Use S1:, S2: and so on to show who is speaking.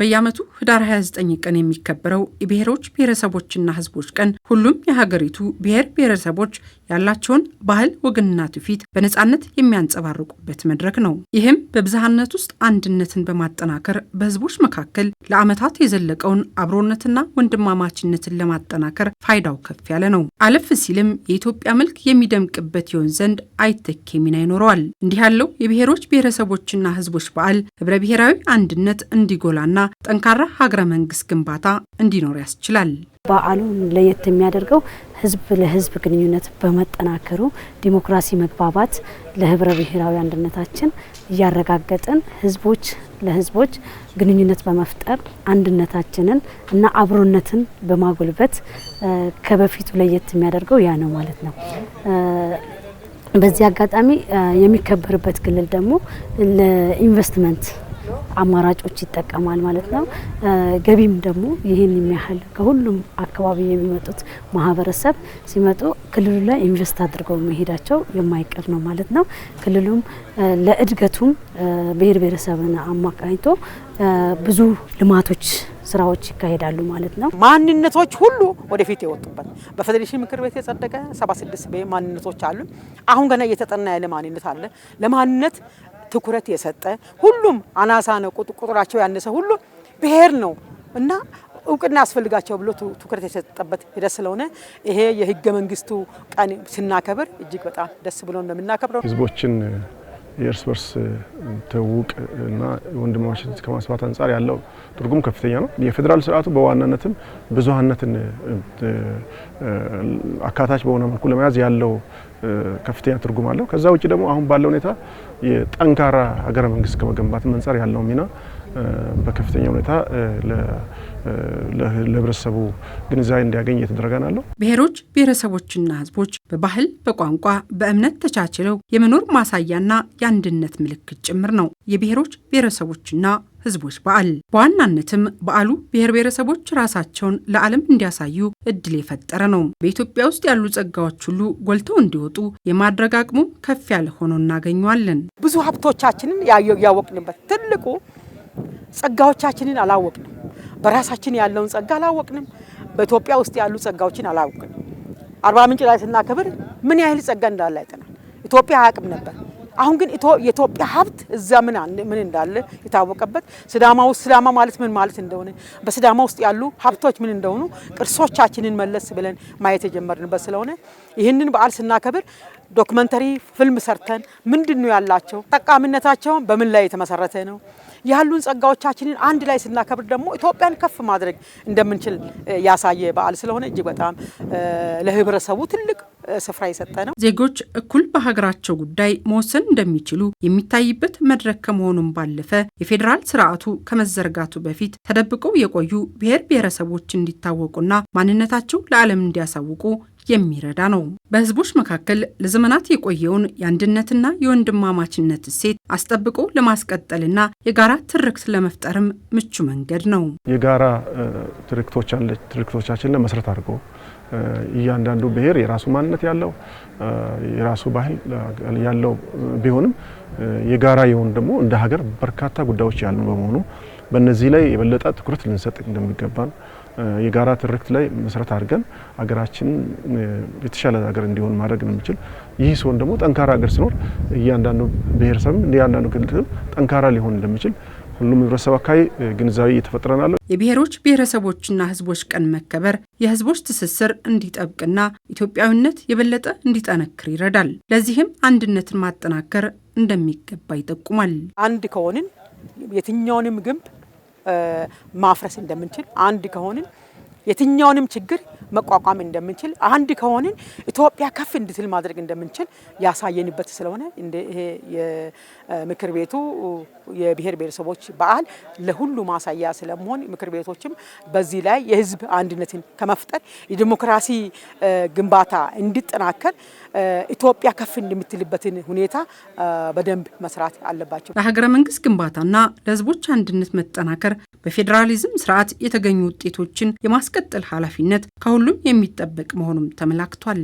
S1: በየዓመቱ ህዳር 29 ቀን የሚከበረው የብሔሮች ብሔረሰቦችና ህዝቦች ቀን ሁሉም የሀገሪቱ ብሔር ብሔረሰቦች ያላቸውን ባህል ወግና ትውፊት በነፃነት የሚያንጸባርቁበት መድረክ ነው። ይህም በብዝሃነት ውስጥ አንድነትን በማጠናከር በህዝቦች መካከል ለዓመታት የዘለቀውን አብሮነትና ወንድማማችነትን ለማጠናከር ፋይዳው ከፍ ያለ ነው። አለፍ ሲልም የኢትዮጵያ መልክ የሚደምቅበት ይሆን ዘንድ አይተኬ ሚና ይኖረዋል። እንዲህ ያለው የብሔሮች ብሔረሰቦችና ህዝቦች በዓል ህብረ ብሔራዊ አንድነት እንዲጎላና ጠንካራ ሀገረ መንግስት ግንባታ እንዲኖር ያስችላል።
S2: በዓሉን ለየት የሚያደርገው ህዝብ ለህዝብ ግንኙነት በመጠናከሩ ዲሞክራሲ፣ መግባባት ለህብረ ብሔራዊ አንድነታችን እያረጋገጥን ህዝቦች ለህዝቦች ግንኙነት በመፍጠር አንድነታችንን እና አብሮነትን በማጎልበት ከበፊቱ ለየት የሚያደርገው ያ ነው ማለት ነው። በዚህ አጋጣሚ የሚከበርበት ክልል ደግሞ ለኢንቨስትመንት አማራጮች ይጠቀማል ማለት ነው። ገቢም ደግሞ ይህን የሚያህል ከሁሉም አካባቢ የሚመጡት ማህበረሰብ ሲመጡ ክልሉ ላይ ኢንቨስት አድርገው መሄዳቸው የማይቀር ነው ማለት ነው። ክልሉም ለእድገቱም ብሔር ብሔረሰብን አማካኝቶ ብዙ ልማቶች ስራዎች ይካሄዳሉ ማለት ነው።
S3: ማንነቶች ሁሉ ወደፊት የወጡበት በፌዴሬሽን ምክር ቤት የጸደቀ 76 ማንነቶች አሉ። አሁን ገና እየተጠና ያለ ማንነት አለ። ለማንነት ትኩረት የሰጠ ሁሉም አናሳ ነው ቁጥራቸው ያነሰ ሁሉ ብሔር ነው እና እውቅና ያስፈልጋቸው ብሎ ትኩረት የሰጠበት ሂደት ስለሆነ ይሄ የህገ መንግስቱ ቀን ስናከብር እጅግ በጣም ደስ ብሎ እንደምናከብረው
S4: ህዝቦችን የእርስ በርስ ትውውቅ እና ወንድማማችነት ከማስፋት አንጻር ያለው ትርጉም ከፍተኛ ነው። የፌዴራል ስርዓቱ በዋናነትም ብዙሀነትን አካታች በሆነ መልኩ ለመያዝ ያለው ከፍተኛ ትርጉም አለው። ከዛ ውጭ ደግሞ አሁን ባለው ሁኔታ የጠንካራ ሀገረ መንግስት ከመገንባት አንጻር ያለው ሚና በከፍተኛ ሁኔታ ለህብረተሰቡ ግንዛቤ እንዲያገኝ እየተደረገ ናለው።
S1: ብሔሮች ብሔረሰቦችና ህዝቦች በባህል በቋንቋ፣ በእምነት ተቻችለው የመኖር ማሳያና የአንድነት ምልክት ጭምር ነው የብሔሮች ብሔረሰቦችና ህዝቦች በዓል። በዋናነትም በዓሉ ብሔር ብሔረሰቦች ራሳቸውን ለዓለም እንዲያሳዩ እድል የፈጠረ ነው። በኢትዮጵያ ውስጥ ያሉ ጸጋዎች ሁሉ ጎልተው እንዲወጡ የማድረግ አቅሙ ከፍ ያለ ሆኖ እናገኘዋለን።
S3: ብዙ ሀብቶቻችንን ያወቅንበት ትልቁ ጸጋዎቻችንን አላወቅንም። በራሳችን ያለውን ጸጋ አላወቅንም። በኢትዮጵያ ውስጥ ያሉ ጸጋዎችን አላወቅንም። አርባ ምንጭ ላይ ስናከብር ምን ያህል ጸጋ እንዳለ አይተናል። ኢትዮጵያ አያውቅም ነበር። አሁን ግን የኢትዮጵያ ሀብት እዛ ምን እንዳለ የታወቀበት ስዳማ ውስጥ ስዳማ ማለት ምን ማለት እንደሆነ በስዳማ ውስጥ ያሉ ሀብቶች ምን እንደሆኑ ቅርሶቻችንን መለስ ብለን ማየት የጀመርንበት ስለሆነ ይህንን በዓል ስናከብር ዶክመንተሪ ፊልም ሰርተን ምንድን ነው ያላቸው ጠቃሚነታቸውን በምን ላይ የተመሰረተ ነው ያሉን ጸጋዎቻችንን አንድ ላይ ስናከብር ደግሞ ኢትዮጵያን ከፍ ማድረግ እንደምንችል ያሳየ በዓል ስለሆነ እጅግ በጣም ለህብረተሰቡ ትልቅ ስፍራ የሰጠ ነው።
S1: ዜጎች እኩል በሀገራቸው ጉዳይ መወሰን እንደሚችሉ የሚታይበት መድረክ ከመሆኑም ባለፈ የፌዴራል ስርዓቱ ከመዘርጋቱ በፊት ተደብቀው የቆዩ ብሔር ብሔረሰቦች እንዲታወቁና ማንነታቸው ለዓለም እንዲያሳውቁ የሚረዳ ነው። በህዝቦች መካከል ለዘመናት የቆየውን የአንድነትና የወንድማማችነት እሴት አስጠብቆ ለማስቀጠልና የጋራ ትርክት ለመፍጠርም ምቹ መንገድ ነው።
S4: የጋራ ትርክቶቻችን ለመስረት አድርጎ እያንዳንዱ ብሔር የራሱ ማንነት ያለው የራሱ ባህል ያለው ቢሆንም የጋራ የሆኑ ደግሞ እንደ ሀገር በርካታ ጉዳዮች ያሉ በመሆኑ በእነዚህ ላይ የበለጠ ትኩረት ልንሰጥ እንደሚገባን የጋራ ትርክት ላይ መሰረት አድርገን ሀገራችን የተሻለ ሀገር እንዲሆን ማድረግ እንደምችል ይህ ሲሆን ደግሞ ጠንካራ ሀገር ሲኖር እያንዳንዱ ብሔረሰብም እያንዳንዱ ክልል ጠንካራ ሊሆን እንደምችል ሁሉም ህብረተሰብ አካባቢ ግንዛቤ እየተፈጥረናለ
S1: የብሔሮች ብሔረሰቦችና ህዝቦች ቀን መከበር የህዝቦች ትስስር እንዲጠብቅና ኢትዮጵያዊነት የበለጠ እንዲጠነክር ይረዳል። ለዚህም አንድነትን ማጠናከር እንደሚገባ ይጠቁማል።
S3: አንድ ከሆንን የትኛውንም ግንብ ማፍረስ እንደምንችል አንድ ከሆንን የትኛውንም ችግር መቋቋም እንደምንችል አንድ ከሆንን ኢትዮጵያ ከፍ እንድትል ማድረግ እንደምንችል ያሳየንበት ስለሆነ ይሄ የምክር ቤቱ የብሔር ብሔረሰቦች በዓል ለሁሉ ማሳያ ስለመሆን ምክር ቤቶችም በዚህ ላይ የሕዝብ አንድነትን ከመፍጠር የዲሞክራሲ ግንባታ እንዲጠናከር ኢትዮጵያ ከፍ እንደምትልበትን ሁኔታ በደንብ መስራት አለባቸው።
S1: ለሀገረ መንግስት ግንባታና ለሕዝቦች አንድነት መጠናከር በፌዴራሊዝም ስርዓት የተገኙ ውጤቶችን የማስቀ የማስቀጠል ኃላፊነት ከሁሉም የሚጠበቅ መሆኑም ተመላክቷል።